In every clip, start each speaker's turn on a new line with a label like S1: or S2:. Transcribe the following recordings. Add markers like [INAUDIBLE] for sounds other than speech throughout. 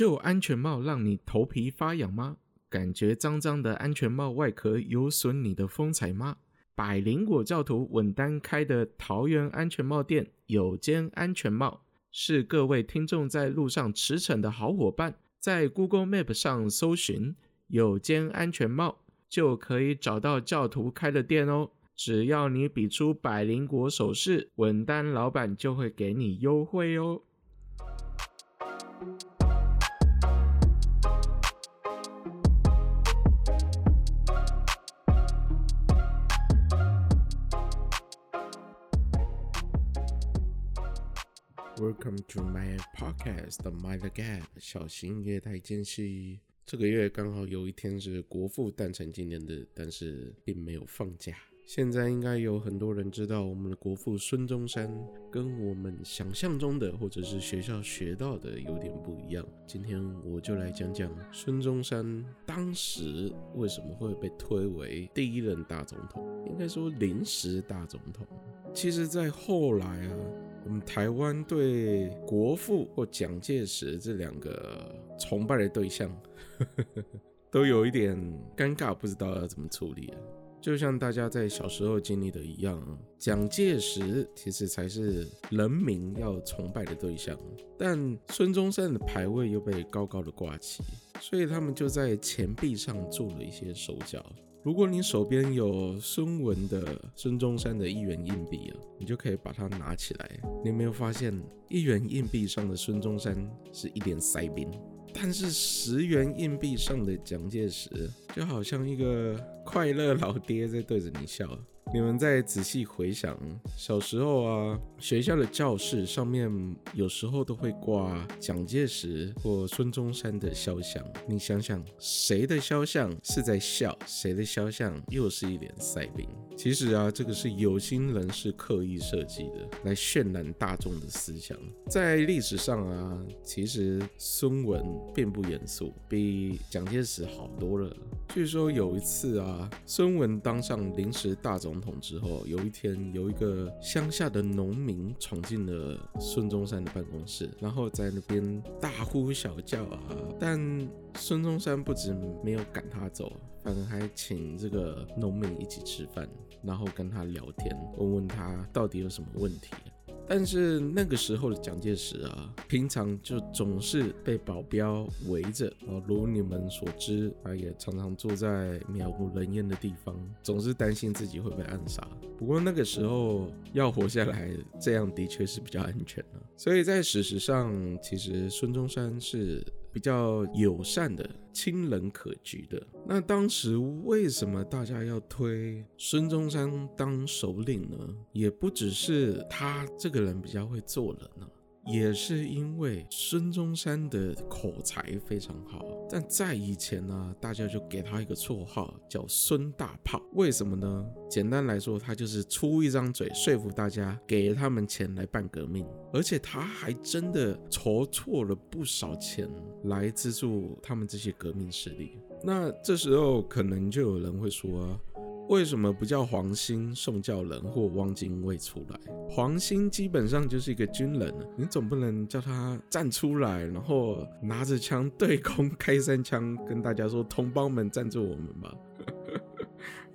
S1: 就安全帽讓你頭皮發癢嗎？感覺髒髒的安全帽外殼有損你的風采嗎？百靈果教徒穩單開的桃園安全帽店有間安全帽，是各位聽眾在路上馳騁的好夥伴。在 Google Map 上搜尋“有間安全帽”，就可以找到教徒開的店哦。只要你比出百靈果手勢，穩單老板就會給你優惠哦。Welcome to my podcast, The My The Gap，小型液態間隙。這個月剛好有一天是國父誕辰紀念日，但是並沒有放假。現在應該有很多人知道我們的國父孫中山，跟我們想象中的或者是學校學到的有點不一樣。今天我就來講講孫中山當時為什麼會被推為第一任大總統，應該說臨時大總統。其實，在後來啊。我們台灣對國父或蔣介石這兩個崇拜的對象，呵呵都有一點尷尬，不知道要怎麼處理。就像大家在小時候經歷的一樣，蔣介石其實才是人民要崇拜的對象，但孫中山的牌位又被高高的掛起，所以他們就在錢幣上做了一些手腳。如果你手邊有孫文的孫中山的一元硬幣、啊、你就可以把它拿起來。你有沒有發現，一元硬幣上的孫中山是一點腮邊，但是十元硬幣上的蔣介石就好像一個快樂老爹在對着你笑、啊。你們再仔細回想，小時候啊，學校的教室上面有時候都會掛蔣介石或孫中山的肖像。你想想，誰的肖像是在笑，誰的肖像又是一臉賽賓？其實啊，這個是有心人士刻意設計的，來渲染大眾的思想。在歷史上啊，其實孫文並不嚴肅，比蔣介石好多了。據說有一次啊，孫文當上臨時大總。統之後，有一天，有一個鄉下的農民闖進了孫中山的辦公室，然後在那邊大呼小叫啊。但孫中山不只沒有趕他走，反而還請這個農民一起吃飯，然後跟他聊天，問問他到底有什麼問題。但是那個時候的蔣介石啊，平常就總是被保鏢圍着啊，如你們所知啊，也常常坐在渺無人煙的地方，總是擔心自己會被暗殺。不過那個時候要活下來，這樣的確是比較安全啊。所以在事實上，其實孫中山是。比較友善的，親人可居的。那當時為什麼大家要推孫中山當首領呢？也不只是他這個人比較會做人呢，啊。也是因為孫中山的口才非常好，但在以前呢，大家就給他一個綽號叫孫大炮為什麼呢？簡單來說，他就是出一張嘴說服大家給他們錢來辦革命，而且他還真的籌措了不少錢來資助他們這些革命勢力。那這時候可能就有人會說啊。為什麼不叫黃興、宋教仁、或汪精衛出來？黃興基本上就是一個軍人，啊，你總不能叫他站出來，然後拿着槍對空開三槍，跟大家說同胞們，站住我們吧。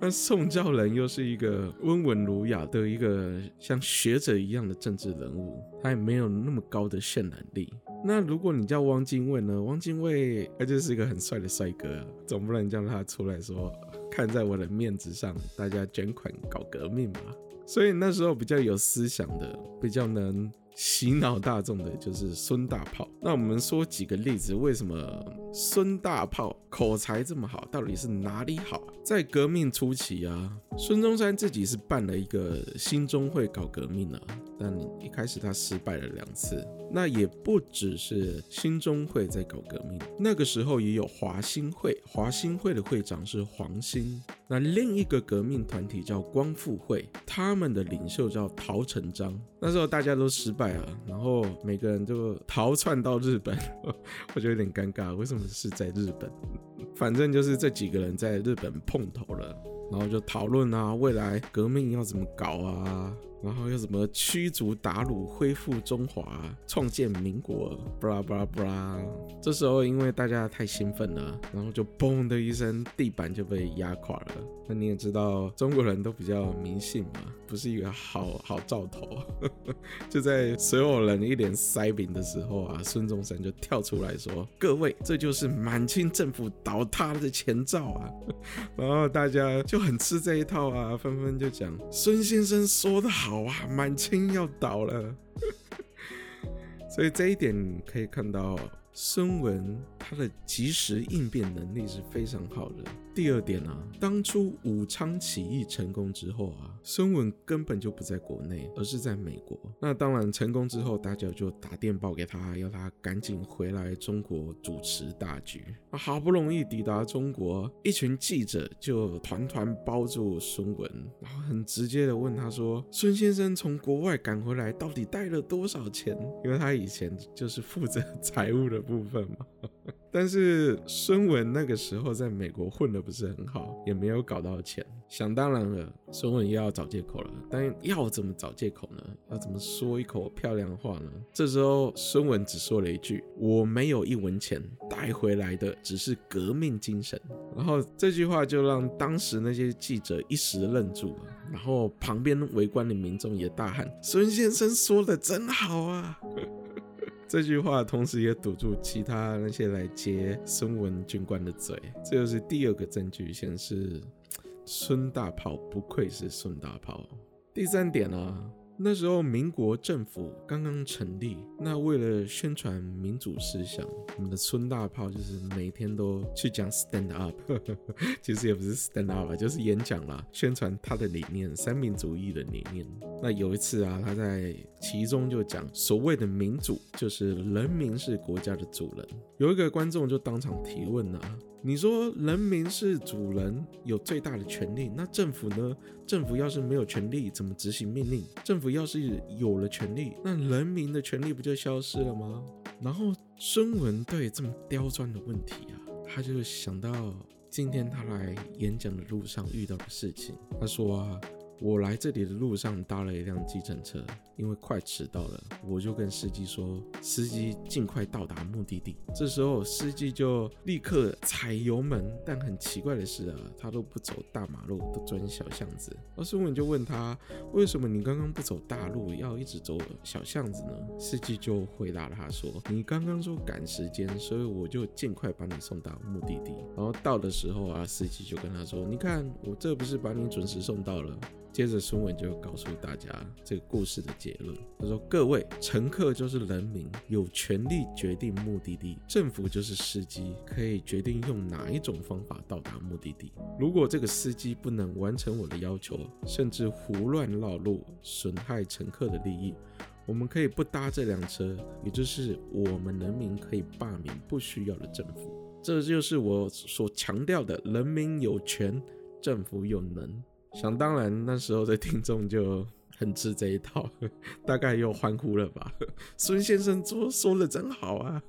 S1: [LAUGHS] 那宋教仁又是一個溫文儒雅的一個像學者一樣的政治人物，他也沒有那麼高的渲染力。那如果你叫汪精衛呢？汪精衛他就是一個很帥的帥哥，啊，總不能叫他出來說。看在我的面子上，大家捐款搞革命嘛。所以那時候比較有思想的，比較能洗腦大眾的就是孫大炮。那我們說幾個例子，為什麼孫大炮口才這麼好？到底是哪裡好啊？在革命初期啊，孫中山自己是辦了一個興中會搞革命呢啊，但一開始他失敗了兩次。那也不只是興中會在搞革命，那個時候也有華興會，華興會的會長是黃興。那另一個革命團體叫光復會，他們的領袖叫陶成章。那時候大家都失敗了，然後每個人就逃竄到日本， [LAUGHS] 我就有點尷尬，為什麼是在日本？反正就是這幾個人在日本碰頭了，然後就討論啊，未來革命要怎麼搞啊。然後又怎麼驅逐韃虜、恢復中華、創建民國？布拉布拉布拉！這時候因為大家太興奮了，然後就嘣的一聲，地板就被壓垮了。那你也知道，中國人都比較迷信嘛，不是一個好好兆頭。 [LAUGHS] 就在所有人一臉塞餅的時候啊，孫中山就跳出來說：“各位，這就是滿清政府倒塌的前兆啊！” [LAUGHS] 然後大家就很吃這一套啊，紛紛就講：“孫先生說的好。”好啊，滿清要倒了， [LAUGHS] 所以這一點可以看到。孫文他的及時應變能力是非常好的。第二點啊，當初武昌起義成功之後啊，孫文根本就不在國內，而是在美國。那當然，成功之後大家就打電報給他，要他趕緊回來中國主持大局。好不容易抵達中國，一群記者就團團包住孫文，然後很直接的問他說：“孫先生從國外趕回來，到底帶了多少錢？”因為他以前就是負責財務的嘛。部分嘛， [LAUGHS] 但是孫文那個時候在美國混得不是很好，也沒有搞到錢。想當然了，孫文又要找借口了，但要怎麼找借口呢？要怎麼說一口漂亮話呢？這時候孫文只說了一句：“我沒有一文錢帶回來的，只是革命精神我沒有一文錢，帶回來的只是革命精神。”然後這句話就讓當時那些記者一時愣住了，然後旁邊圍觀的民眾也大喊：“孫先生說得真好啊！” [LAUGHS] 這句話同時也堵住其他那些來接孫文軍官的嘴，這就是第二個證據，顯示孫大炮不愧是孫大炮。第三點呢？那時候，民國政府剛剛成立，那為了宣傳民主思想，我們的孫大炮就是每天都去講 stand up，呵呵，其實也不是 stand up，就是演講啦，宣傳他的理念，三民主義的理念。那有一次啊，他在其中就講所謂的民主就是人民是國家的主人，有一個觀眾就當場提問啊。你說人民是主人，有最大的權利。那政府呢？政府要是沒有權利，怎麼執行命令？政府要是有了權利，那人民的權利不就消失了嗎？然後孫文對這麼刁鑽的問題啊，他就想到今天他來演講的路上遇到的事情。他說啊，我來這裡的路上搭了一輛計程車。因為快遲到了，我就跟司機說：“司機儘快到達目的地。”這時候司機就立刻踩油門，但很奇怪的是啊，他都不走大馬路，都鑽小巷子。而孫文就問他：“為什麼你剛剛不走大路，要一直走小巷子呢？”司機就回答了他說：“你剛剛說趕時間，所以我就儘快把你送到目的地。”然後到的時候啊，司機就跟他說：“你看，我這不是把你準時送到了。”接着，孫文就告訴大家這個故事的結論。他說：“各位乘客就是人民，有權利決定目的地；政府就是司機，可以決定用哪一種方法到達目的地。如果這個司機不能完成我的要求，甚至胡亂繞路損害乘客的利益，我們可以不搭這輛車。也就是我們人民可以罷免不需要的政府。這就是我所強調的：人民有權，政府有能。”想當然，那時候的聽眾就很吃這一套，大概又歡呼了吧？孫先生說說的真好啊！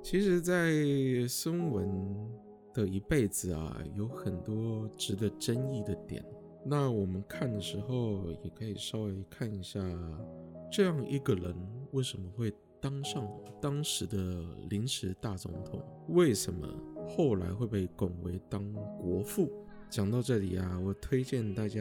S1: 其實，在孫文的一輩子啊，有很多值得爭議的點。那我們看的時候，也可以稍微看一下，這樣一個人為什麼會當上當時的臨時大總統？為什麼後來會被拱為當國父？講到這裡啊，我推薦大家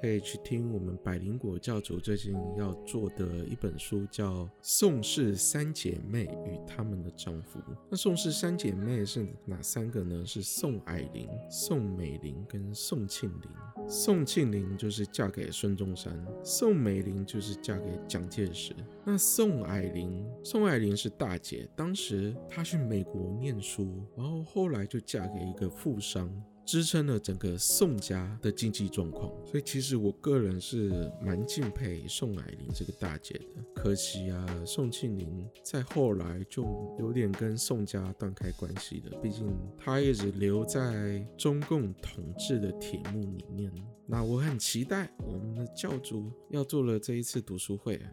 S1: 可以去聽我們百靈果教主最近要做的一本書，叫《宋氏三姐妹與他們的丈夫》。那宋氏三姐妹是哪三個呢？是宋靄齡、宋美齡跟宋慶齡。宋慶齡就是嫁給孫中山，宋美齡就是嫁給蔣介石。那宋靄齡，宋靄齡是大姐，當時她去美國念書，然後後來就嫁給一個富商。支撐了整個宋家的經濟狀況，所以其實我個人是蠻敬佩，宋靄齡這個大姐的。可惜啊，宋慶齡在後來就有點跟宋家斷開關係了，畢竟她一直留在中共統治的鐵幕裡面。那我很期待我們的教主要做了這一次讀書會啊。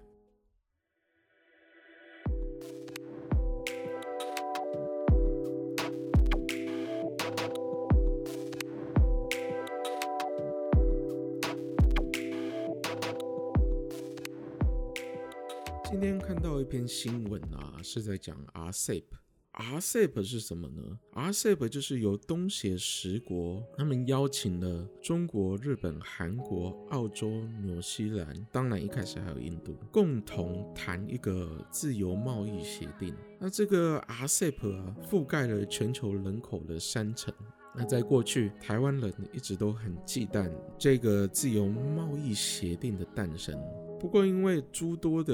S1: 今天看到一篇新聞啊，是在講 RCEP。RCEP 是什麼呢？RCEP 就是由東協十國，他們邀請了中國、日本、韓國、澳洲、紐西蘭，當然一開始還有印度，共同談一個自由貿易協定。那這個 RCEP 啊，覆蓋了全球人口的三成。那在過去，台灣人一直都很忌憚這個自由貿易協定的誕生。不過，因為諸多的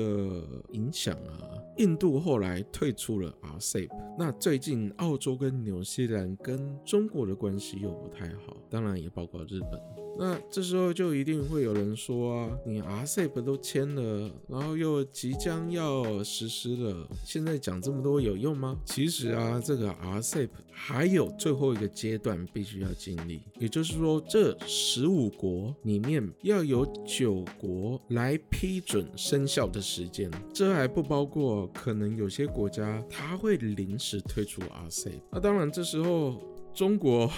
S1: 影響啊。印度後來退出了 RCEP，那最近澳洲跟紐西蘭跟中國的關係又不太好，當然也包括日本。那這時候就一定會有人說啊，你 RCEP 都簽了，然後又即將要實施了，現在講這麼多有用嗎？其實啊，這個 RCEP 還有最後一個階段必須要經歷，也就是說這十五國裡面要有九國來批准生效的時間，這還不包括、啊。可能有些國家他會臨時退出 RCEP，那當然這時候中國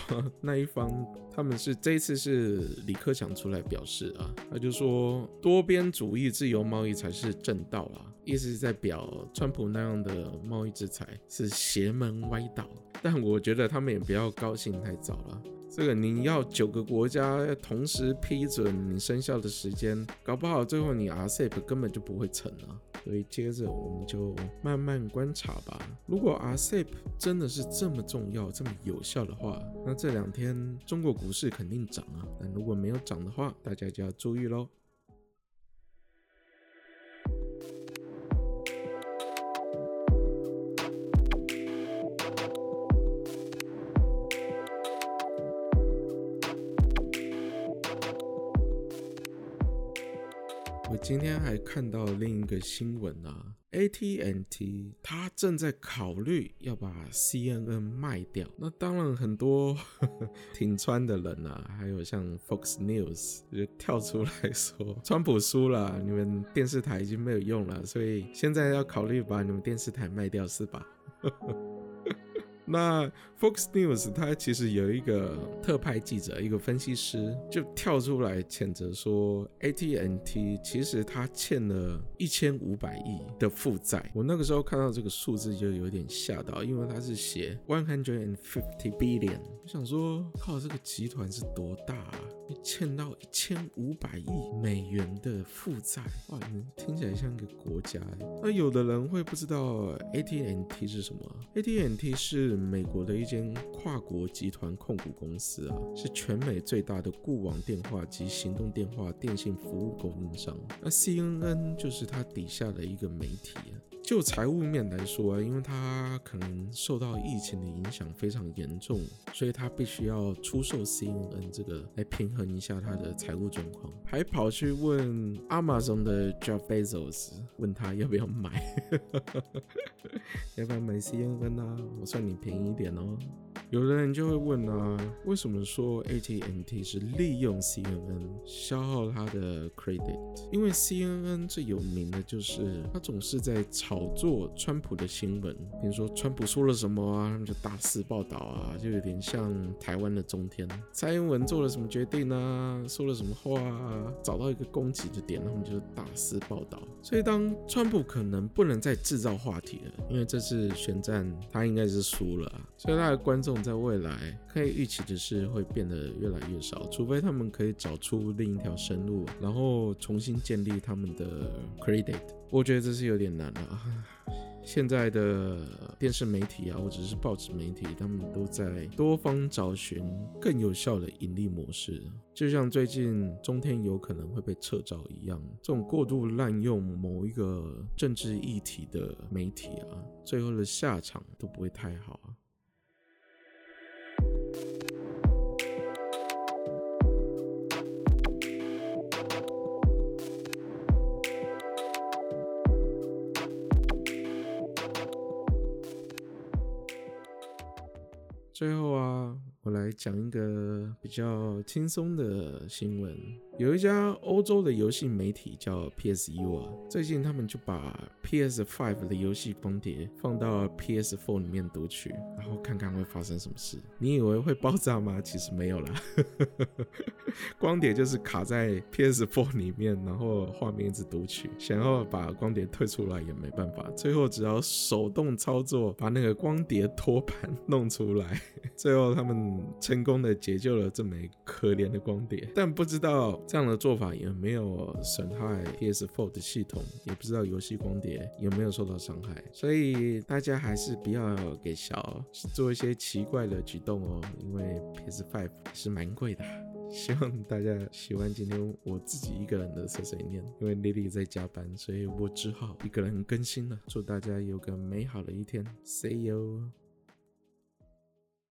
S1: 那一方他們是這次是李克強出來表示啊，他就說多邊主義、自由貿易才是正道啊，意思是在表川普那樣的貿易制裁是邪門歪道，但我覺得他們也不要高興太早了。這個你要九個國家要同時批准，你生效的時間，搞不好最後你 RCEP 根本就不會成啊。所以接着我們就慢慢觀察吧。如果 RCEP 真的是這麼重要、這麼有效的話，那這兩天中國股市肯定漲啊。但如果沒有漲的話，大家就要注意嘍。今天還看到另一個新聞啊，AT&T，他正在考慮要把 CNN 賣掉。那當然，很多 [LAUGHS] 挺川的人啊，還有像 Fox News 就跳出來說，川普輸了，你們電視台已經沒有用了，所以現在要考慮把你們電視台賣掉是吧？ [LAUGHS] 那 Fox News 它其實有一個特派記者，一個分析師就跳出來譴責說，AT&T 其實他欠了一千五百億的負債。我那個時候看到這個數字就有點嚇到，因為他是寫 one hundred fifty billion，我想說靠，這個集團是多大啊？欠到一千五百億美元的負債，哇，聽起來像一個國家，欸。那有的人會不知道 AT&T 是什麼？AT&T 是美國的一間跨國集團控股公司啊，是全美最大的固網電話及行動電話電信服務供應商。那 CNN 就是它底下的一個媒體，啊。就財務面來說啊，因為他可能受到疫情的影響非常嚴重，所以他必須要出售 CNN 這個來平衡一下他的財務狀況，還跑去問 Amazon 的 Jeff Bezos，問他要不要買， [LAUGHS] 要不要買 CNN 啊？我算你便宜一點哦。有的人就會問啊，為什麼說 AT&T 是利用 CNN 消耗它的 credit？因為 CNN 最有名的就是它總是在炒作川普的新聞，比如說川普說了什麼啊，他們就大肆報道啊，就有點像台灣的中天。蔡英文做了什麼決定啊，說了什麼話啊，找到一個攻擊的點，他們就是大肆報道。所以當川普可能不能再制造話題了，因為這次選戰他應該是輸了啊，所以他的觀眾。在未來，可以預期的是會變得越來越少，除非他們可以找出另一條生路，然後重新建立他們的 credit。我覺得這是有點難了啊。現在的電視媒體啊，或者是報紙媒體，他們都在多方找尋更有效的盈利模式。就像最近中天有可能會被撤照一樣，這種過度濫用某一個政治議題的媒體啊，最後的下場都不會太好。最後啊。我來講一個比較輕鬆的新聞，有一家歐洲的遊戲媒體叫 PSU 啊，最近他們就把 PS5 的遊戲光碟放到 PS4 裡面讀取，然後看看會發生什麼事。你以為會爆炸嗎？其實沒有啦，光碟就是卡在 PS4 裡面，然後畫面一直讀取，想要把光碟退出來也沒辦法，最後只要手動操作把那個光碟托盤弄出來，最後他們，成功的解救了這枚可憐的光碟，但不知道這樣的做法有沒有損害 PS4 的系統，也不知道遊戲光碟有沒有受到傷害。所以大家還是不要給小做一些奇怪的舉動哦，因為 PS5 是蠻貴的。希望大家喜歡今天我自己一個人的碎碎念，因為 Lily 在加班，所以我只好一個人更新了。祝大家有個美好的一天，See you。